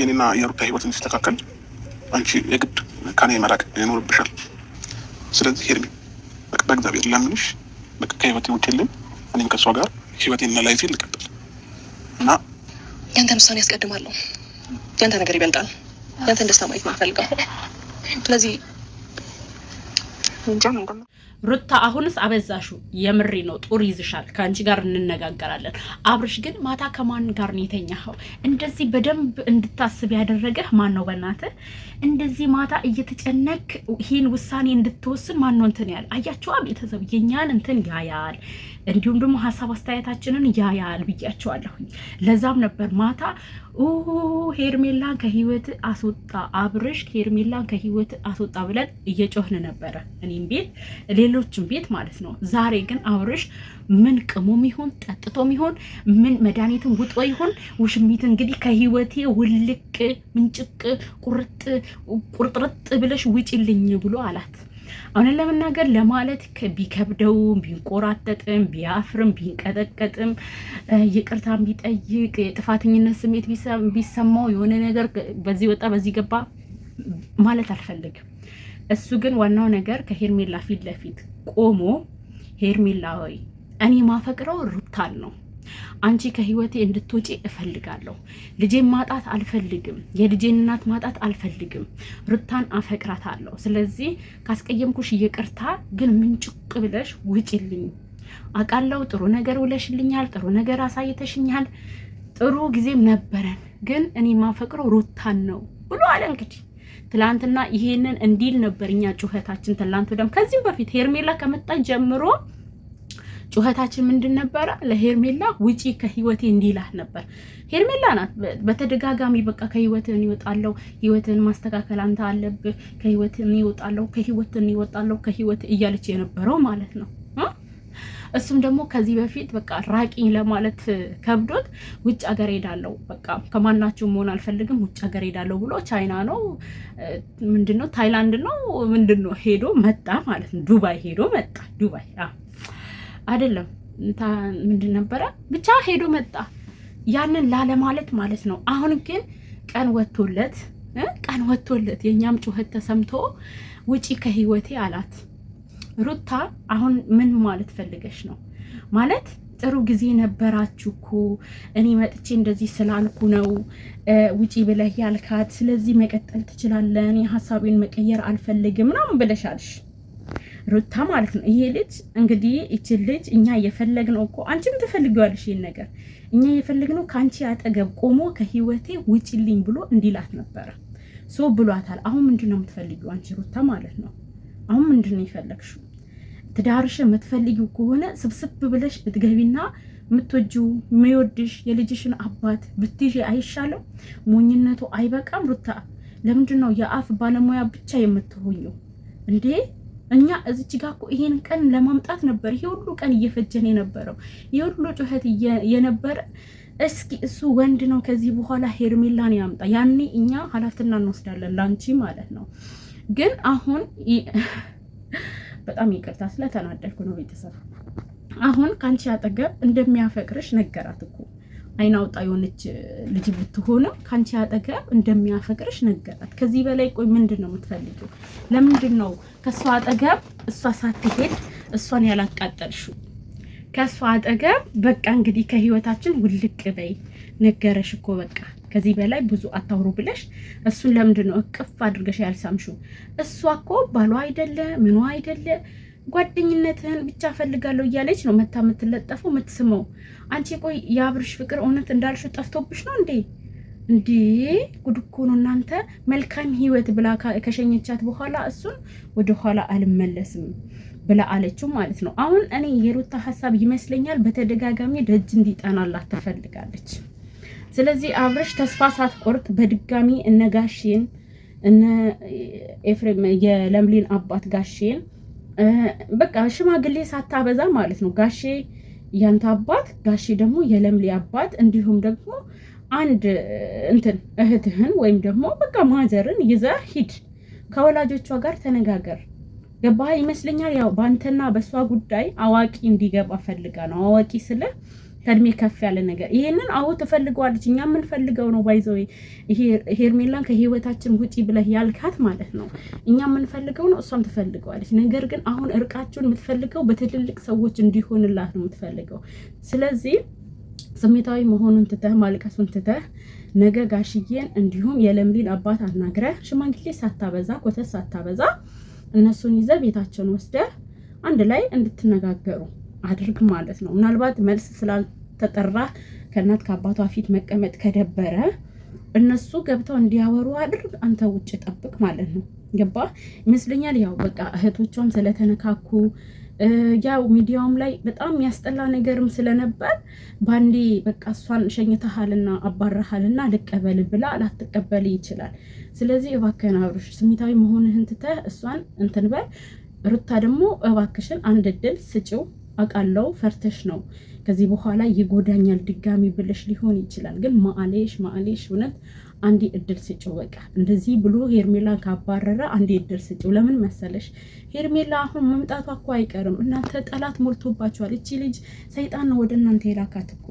የኔና የሩታ ህይወት እንዲስተካከል አንቺ የግድ ከኔ መራቅ ይኖርብሻል። ስለዚህ ሄርሚ በእግዚአብሔር ለምንሽ በቃ ከህይወቴ ውጭ እኔም ከእሷ ጋር ህይወቴና ላይፌ ልቀጥል እና ያንተን ውሳኔ ያስቀድማለሁ። ያንተ ነገር ይበልጣል። ያንተን ደስታ ማየት ነው የምፈልገው። ስለዚህ እንጃ ሩታ አሁንስ አበዛሹ። የምሬ ነው። ጦር ይዝሻል። ከአንቺ ጋር እንነጋገራለን። አብርሽ ግን ማታ ከማን ጋር ነው የተኛኸው? እንደዚህ በደንብ እንድታስብ ያደረገህ ማን ነው? በእናትህ እንደዚህ ማታ እየተጨነክ ይህን ውሳኔ እንድትወስን ማን ነው እንትን ያል? አያቸዋ ቤተሰብ የኛን እንትን ያያል፣ እንዲሁም ደግሞ ሀሳብ አስተያየታችንን ያያል ብያቸዋለሁኝ። ለዛም ነበር ማታ ሄርሜላን ከህይወት አስወጣ አብርሽ ሄርሜላን ከህይወት አስወጣ ብለን እየጮህን ነበረ እኔም ቤት ሌሎችም ቤት ማለት ነው። ዛሬ ግን አብርሽ ምን ቅሙም ይሆን ጠጥቶም ይሆን ምን መድኃኒትን ውጦ ይሆን ውሽሚት እንግዲህ ከህይወቴ ውልቅ ምንጭቅ ቁርጥ ቁርጥርጥ ብለሽ ውጪልኝ ብሎ አላት። አሁንን ለመናገር ለማለት ቢከብደውም ቢንቆራጠጥም ቢያፍርም ቢንቀጠቀጥም ይቅርታን ቢጠይቅ የጥፋተኝነት ስሜት ቢሰማው የሆነ ነገር በዚህ ወጣ በዚህ ገባ ማለት አልፈልግም። እሱ ግን ዋናው ነገር ከሄርሜላ ፊት ለፊት ቆሞ ሄርሜላ ሆይ እኔ ማፈቅረው ሩታን ነው አንቺ ከህይወቴ እንድትወጪ እፈልጋለሁ። ልጄን ማጣት አልፈልግም። የልጄን እናት ማጣት አልፈልግም። ሩታን አፈቅራታለሁ። ስለዚህ ካስቀየምኩሽ ይቅርታ፣ ግን ምንጭቅ ብለሽ ውጪልኝ። አቃለው ጥሩ ነገር ውለሽልኛል፣ ጥሩ ነገር አሳይተሽኛል፣ ጥሩ ጊዜም ነበረን። ግን እኔ ማፈቅረው ሩታን ነው ብሎ አለ እንግዲህ ትላንትና ይሄንን እንዲል ነበር እኛ ጩኸታችን። ትላንት ወደም ከዚህም በፊት ሄርሜላ ከመጣ ጀምሮ ጩኸታችን ምንድን ነበረ? ለሄርሜላ ውጪ ከህይወቴ እንዲላት ነበር። ሄርሜላ ናት በተደጋጋሚ በቃ ከህይወትን ይወጣለው፣ ህይወትን ማስተካከል አንተ አለብህ፣ ከህይወትን ይወጣለው፣ ከህይወትን ይወጣለው፣ ከህይወት እያለች የነበረው ማለት ነው። እሱም ደግሞ ከዚህ በፊት በቃ ራቂኝ ለማለት ከብዶት ውጭ ሀገር ሄዳለው በቃ ከማናችሁ መሆን አልፈልግም ውጭ ሀገር ሄዳለው ብሎ ቻይና ነው ምንድን ነው ታይላንድ ነው ምንድን ነው ሄዶ መጣ ማለት ነው። ዱባይ ሄዶ መጣ። ዱባይ አይደለም ምንድን ነበረ ብቻ ሄዶ መጣ። ያንን ላለማለት ማለት ነው። አሁን ግን ቀን ወጥቶለት ቀን ወጥቶለት የእኛም ጩኸት ተሰምቶ ውጪ ከህይወቴ አላት። ሩታ አሁን ምን ማለት ፈልገሽ ነው? ማለት ጥሩ ጊዜ ነበራችሁ እኮ እኔ መጥቼ እንደዚህ ስላልኩ ነው ውጪ ብለህ ያልካት። ስለዚህ መቀጠል ትችላለን እኔ መቀየር አልፈልግም ምናምን ብለሻልሽ ሩታ ማለት ነው። ይሄ ልጅ እንግዲህ ይችን ልጅ እኛ እየፈለግነው እኮ አንቺም ትፈልጊዋለሽ ይህን ነገር እኛ እየፈለግነው ከአንቺ አጠገብ ቆሞ ከህይወቴ ውጪልኝ ብሎ እንዲላት ነበረ። ሶ ብሏታል። አሁን ምንድን ነው የምትፈልጊው አንቺ ሩታ ማለት ነው? አሁን ምንድን ነው የፈለግሽው? ትዳርሽ የምትፈልጊው ከሆነ ስብስብ ብለሽ ብትገቢና የምትወጂው የሚወድሽ የልጅሽን አባት ብትይዥ አይሻለው? ሞኝነቱ አይበቃም? ሩታ ለምንድን ነው የአፍ ባለሙያ ብቻ የምትሆኘው እንዴ? እኛ እዚች ጋ እኮ ይሄን ቀን ለማምጣት ነበር ይሄ ሁሉ ቀን እየፈጀን የነበረው ይሄ ሁሉ ጩኸት የነበረ እስኪ እሱ ወንድ ነው ከዚህ በኋላ ሄርሜላን ያምጣ። ያኔ እኛ ሀላፍትና እንወስዳለን ላንቺ ማለት ነው። ግን አሁን በጣም ይቅርታ ስለተናደድኩ ነው ቤተሰብ። አሁን ከአንቺ አጠገብ እንደሚያፈቅርሽ ነገራት እኮ አይናውጣ የሆነች ልጅ ብትሆንም ከአንቺ አጠገብ እንደሚያፈቅርሽ ነገራት። ከዚህ በላይ ቆይ ምንድን ነው የምትፈልጊው? ለምንድን ነው ከእሷ አጠገብ እሷ ሳትሄድ እሷን ያላቃጠልሽው? ከእሷ አጠገብ በቃ እንግዲህ ከህይወታችን ውልቅ በይ ነገረሽ እኮ በቃ ከዚህ በላይ ብዙ አታውሩ ብለሽ እሱን ለምንድን ነው እቅፍ አድርገሽ ያልሳምሹ እሷ እኮ ባሏ አይደለ ምኗ አይደለ ጓደኝነትህን ብቻ ፈልጋለሁ እያለች ነው መታ የምትለጠፈው የምትስመው። አንቺ ቆይ የአብርሽ ፍቅር እውነት እንዳልሽው ጠፍቶብሽ ነው እንዴ? እንዴ ጉድ እኮ ነው እናንተ። መልካም ህይወት ብላ ከሸኘቻት በኋላ እሱን ወደኋላ አልመለስም ብላ አለችው ማለት ነው። አሁን እኔ የሩታ ሀሳብ ይመስለኛል በተደጋጋሚ ደጅ እንዲጠናላት ትፈልጋለች። ስለዚህ አብረሽ ተስፋ ሳትቆርጥ በድጋሚ እነ ጋሽን እነ ኤፍሬም የለምሊን አባት ጋሽን በቃ ሽማግሌ ሳታበዛ ማለት ነው። ጋሼ ያንተ አባት፣ ጋሼ ደግሞ የለምሊ አባት እንዲሁም ደግሞ አንድ እንትን እህትህን ወይም ደግሞ በቃ ማዘርን ይዘህ ሂድ። ከወላጆቿ ጋር ተነጋገር። ገባህ ይመስለኛል። ያው በአንተና በእሷ ጉዳይ አዋቂ እንዲገባ ፈልጋ ነው። አዋቂ ስለ ከእድሜ ከፍ ያለ ነገር ይሄንን አዎ ትፈልገዋለች። እኛ የምንፈልገው ነው ባይዘው ይሄ ሄርሜላን ከህይወታችን ውጪ ብለህ ያልካት ማለት ነው። እኛ የምንፈልገው ነው፣ እሷም ትፈልገዋለች። ነገር ግን አሁን እርቃችሁን የምትፈልገው በትልልቅ ሰዎች እንዲሆንላት ነው የምትፈልገው። ስለዚህ ስሜታዊ መሆኑን ትተህ ማልቀሱን ትተህ ነገ ጋሽዬን እንዲሁም የለምሊን አባት አናግረህ ሽማግሌ ሳታበዛ ኮተት ሳታበዛ እነሱን ይዘህ ቤታቸውን ወስደህ አንድ ላይ እንድትነጋገሩ አድርግ ማለት ነው። ምናልባት መልስ ስላልተጠራ ከእናት ከአባቷ ፊት መቀመጥ ከደበረ እነሱ ገብተው እንዲያወሩ አድርግ፣ አንተ ውጭ ጠብቅ ማለት ነው። ገባ ይመስለኛል። ያው በቃ እህቶቿም ስለተነካኩ ያው ሚዲያውም ላይ በጣም የሚያስጠላ ነገርም ስለነበር ባንዴ በቃ እሷን ሸኝተሃልና አባረሃልና ልቀበል ብላ ላትቀበል ይችላል። ስለዚህ እባክህን አብርሽ ስሜታዊ መሆንህን ትተህ እሷን እንትን ሩታ ደግሞ እባክሽን አንድ እድል ስጭው አውቃለሁ ፈርተሽ ነው። ከዚህ በኋላ ይጎዳኛል ድጋሚ ብለሽ ሊሆን ይችላል። ግን ማአሌሽ ማአሌሽ፣ እውነት አንድ እድል ስጭው። በቃ እንደዚህ ብሎ ሄርሜላ ካባረረ አንዴ እድል ስጭው። ለምን መሰለሽ ሄርሜላ አሁን መምጣቷ እኮ አይቀርም። እናንተ ጠላት ሞልቶባቸዋል። እቺ ልጅ ሰይጣን ነው ወደ እናንተ የላካት እኮ።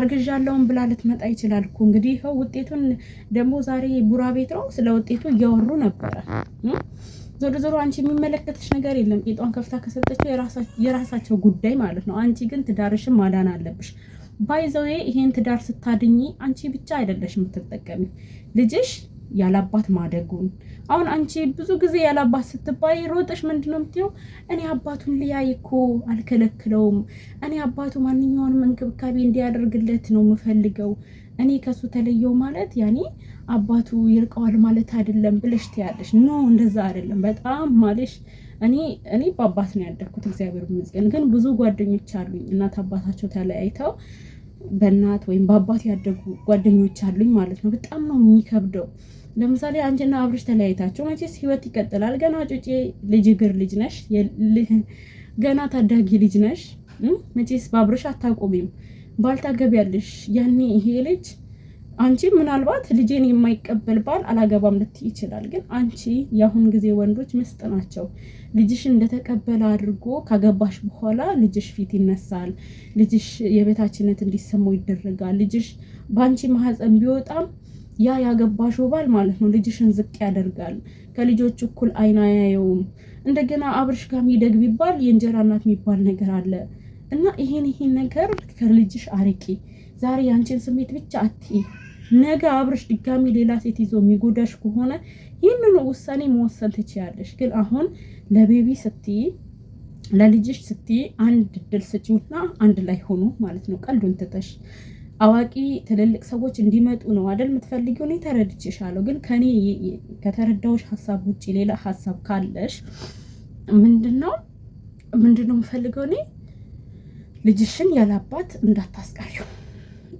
አርግዣለውን ብላ ልትመጣ ይችላል እኮ። እንግዲህ ይኸው ውጤቱን ደግሞ ዛሬ ቡራ ቤት ነው ስለ ውጤቱ እያወሩ ነበረ። ዞሮ ዞሮ አንቺ የሚመለከትሽ ነገር የለም። ቂጧን ከፍታ ከሰጠችው የራሳቸው ጉዳይ ማለት ነው። አንቺ ግን ትዳርሽን ማዳን አለብሽ። ባይዘዌ ይሄን ትዳር ስታድኚ አንቺ ብቻ አይደለሽ የምትጠቀሚ ልጅሽ ያላባት ማደጉን አሁን አንቺ ብዙ ጊዜ ያላባት ስትባይ ሮጠሽ ምንድን ነው የምትይው? እኔ አባቱን ልያይ እኮ አልከለክለውም። እኔ አባቱ ማንኛውንም እንክብካቤ እንዲያደርግለት ነው የምፈልገው። እኔ ከሱ ተለየው ማለት ያኔ አባቱ ይርቀዋል ማለት አይደለም ብለሽ ትያለሽ። ኖ እንደዛ አይደለም። በጣም ማለሽ እኔ እኔ በአባት ነው ያደግኩት እግዚአብሔር ይመስገን። ግን ብዙ ጓደኞች አሉኝ እናት አባታቸው ተለያይተው በእናት ወይም በአባት ያደጉ ጓደኞች አሉኝ ማለት ነው። በጣም ነው የሚከብደው። ለምሳሌ አንቺና አብርሽ ተለያይታቸው መቼስ ህይወት ይቀጥላል። ገና ጩጬ ልጅ እግር ልጅ ነሽ፣ ገና ታዳጊ ልጅ ነሽ። መቼስ በአብርሽ አታቆሚም፣ ባልታገቢያለሽ። ያኔ ይሄ ልጅ አንቺ ምናልባት ልጄን የማይቀበል ባል አላገባም ልትይ ይችላል። ግን አንቺ የአሁን ጊዜ ወንዶች ምስጥ ናቸው። ልጅሽ እንደተቀበለ አድርጎ ካገባሽ በኋላ ልጅሽ ፊት ይነሳል። ልጅሽ የበታችነት እንዲሰማው ይደረጋል። ልጅሽ በአንቺ ማህፀን ቢወጣም ያ ያገባሽው ባል ማለት ነው ልጅሽን ዝቅ ያደርጋል። ከልጆች እኩል አይን አያየውም። እንደገና አብርሽ ጋር ሚደግ ቢባል የእንጀራ እናት የሚባል ነገር አለ እና ይሄን ይሄን ነገር ከልጅሽ አርቂ። ዛሬ ያንቺን ስሜት ብቻ አትይ። ነገ አብርሽ ድጋሚ ሌላ ሴት ይዞ የሚጎዳሽ ከሆነ ይህንኑ ውሳኔ መወሰን ትችያለሽ። ግን አሁን ለቤቢ ስትይ ለልጅሽ ስትይ አንድ ድል ስጪውና አንድ ላይ ሆኑ ማለት ነው። ቀልዱን ትተሽ አዋቂ ትልልቅ ሰዎች እንዲመጡ ነው አይደል የምትፈልጊው? እኔ ተረድቼሻለሁ። ግን ከኔ ከተረዳዎች ሀሳብ ውጭ ሌላ ሀሳብ ካለሽ ምንድነው ምንድነው የምፈልገው እኔ ልጅሽን ያላባት እንዳታስቀሪው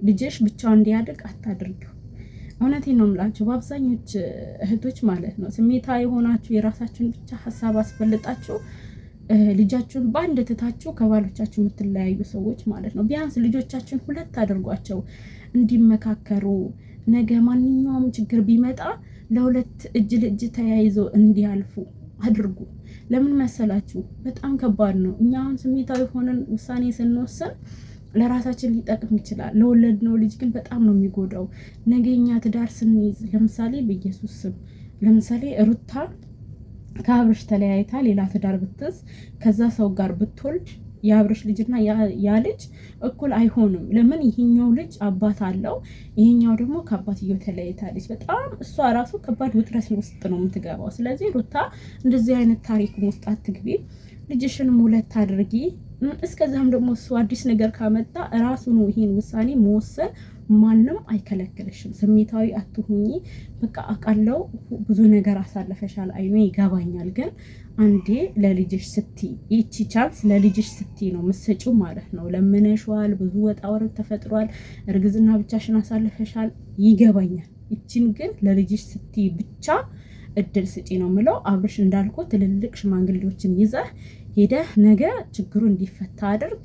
ልጅሽ ብቻው እንዲያድግ አታድርጊው። እውነቴን ነው የምላችሁ፣ በአብዛኞች እህቶች ማለት ነው ስሜታ የሆናችሁ የራሳችሁን ብቻ ሀሳብ አስፈልጣችሁ ልጃችሁን በአንድ ትታችሁ ከባሎቻችሁ የምትለያዩ ሰዎች ማለት ነው። ቢያንስ ልጆቻችሁን ሁለት አድርጓቸው እንዲመካከሩ፣ ነገ ማንኛውም ችግር ቢመጣ ለሁለት እጅ ለእጅ ተያይዞ እንዲያልፉ አድርጉ። ለምን መሰላችሁ? በጣም ከባድ ነው። እኛ አሁን ስሜታዊ ሆነን ውሳኔ ስንወስን ለራሳችን ሊጠቅም ይችላል። ለወለድነው ልጅ ግን በጣም ነው የሚጎዳው። ነገኛ ትዳር ስንይዝ ለምሳሌ በኢየሱስ ስም ለምሳሌ ሩታ ከአብርሽ ተለያይታ ሌላ ትዳር ብትስ ከዛ ሰው ጋር ብትወልድ የአብርሽ ልጅና ያ ልጅ እኩል አይሆንም። ለምን? ይሄኛው ልጅ አባት አለው፣ ይሄኛው ደግሞ ከአባትየው ተለያይታለች። በጣም እሷ ራሱ ከባድ ውጥረት ውስጥ ነው የምትገባው። ስለዚህ ሩታ እንደዚህ አይነት ታሪክ ውስጥ አትግቢ። ልጅሽንም ሁለት አድርጊ። እስከዛም ደግሞ እሱ አዲስ ነገር ካመጣ ራሱ ይህን ውሳኔ መወሰን ማንም አይከለክልሽም። ስሜታዊ አትሁኚ። በቃ አቃለው ብዙ ነገር አሳለፈሻል፣ አይኖ ይገባኛል። ግን አንዴ ለልጅሽ ስቲ ይቺ ቻንስ ለልጅሽ ስቲ ነው ምሰጩ ማለት ነው። ለምነሽዋል፣ ብዙ ወጣ ወረድ ተፈጥሯል፣ እርግዝና ብቻሽን አሳልፈሻል፣ ይገባኛል። ይችን ግን ለልጅሽ ስቲ ብቻ እድል ስጪ ነው ምለው። አብርሽ እንዳልኩ ትልልቅ ሽማግሌዎችን ይዘህ ሄደህ ነገ ችግሩ እንዲፈታ አድርግ።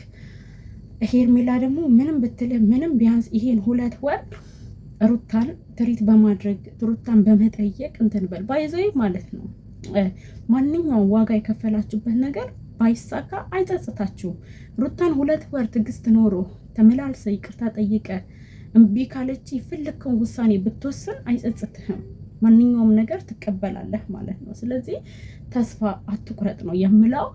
ሄርሜላ ደግሞ ምንም ብትልህ ምንም ቢያንስ ይሄን ሁለት ወር ሩታን ትሪት በማድረግ ሩታን በመጠየቅ እንትን በል ባይዘይ ማለት ነው። ማንኛውም ዋጋ የከፈላችሁበት ነገር ባይሳካ አይጸጽታችሁም። ሩታን ሁለት ወር ትዕግስት ኖሮ ተመላልሰ ይቅርታ ጠይቀ እምቢ ካለች ፍልክን ውሳኔ ብትወስን አይጸጽትህም። ማንኛውም ነገር ትቀበላለህ ማለት ነው። ስለዚህ ተስፋ አትቁረጥ ነው የምለው።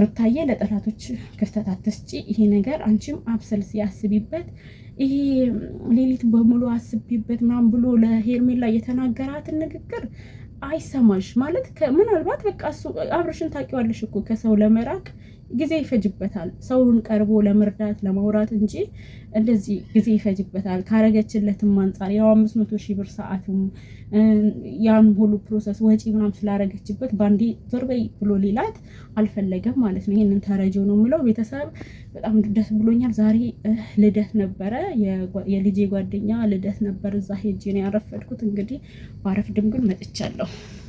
ሩታዬ ለጠላቶች ክፍተት አትስጪ። ይሄ ነገር አንቺም አብሰል ያስቢበት። ይሄ ሌሊት በሙሉ አስቢበት ምናምን ብሎ ለሄርሜላ የተናገራትን ንግግር አይሰማሽ ማለት ምናልባት በቃ እሱ አብረሽን ታውቂዋለሽ እኮ ከሰው ለመራቅ ጊዜ ይፈጅበታል። ሰውን ቀርቦ ለመርዳት ለማውራት እንጂ እንደዚህ ጊዜ ይፈጅበታል። ካረገችለትም አንጻር ያው አምስት መቶ ሺህ ብር ሰዓትም ያን ሁሉ ፕሮሰስ ወጪ ምናም ስላረገችበት በአንዴ ዞር በይ ብሎ ሌላት አልፈለገም ማለት ነው። ይህንን ተረጂው ነው የምለው። ቤተሰብ በጣም ደስ ብሎኛል። ዛሬ ልደት ነበረ፣ የልጄ ጓደኛ ልደት ነበር። እዛ ሄጄ ነው ያረፈድኩት። እንግዲህ ባረፍድም ግን መጥቻለሁ።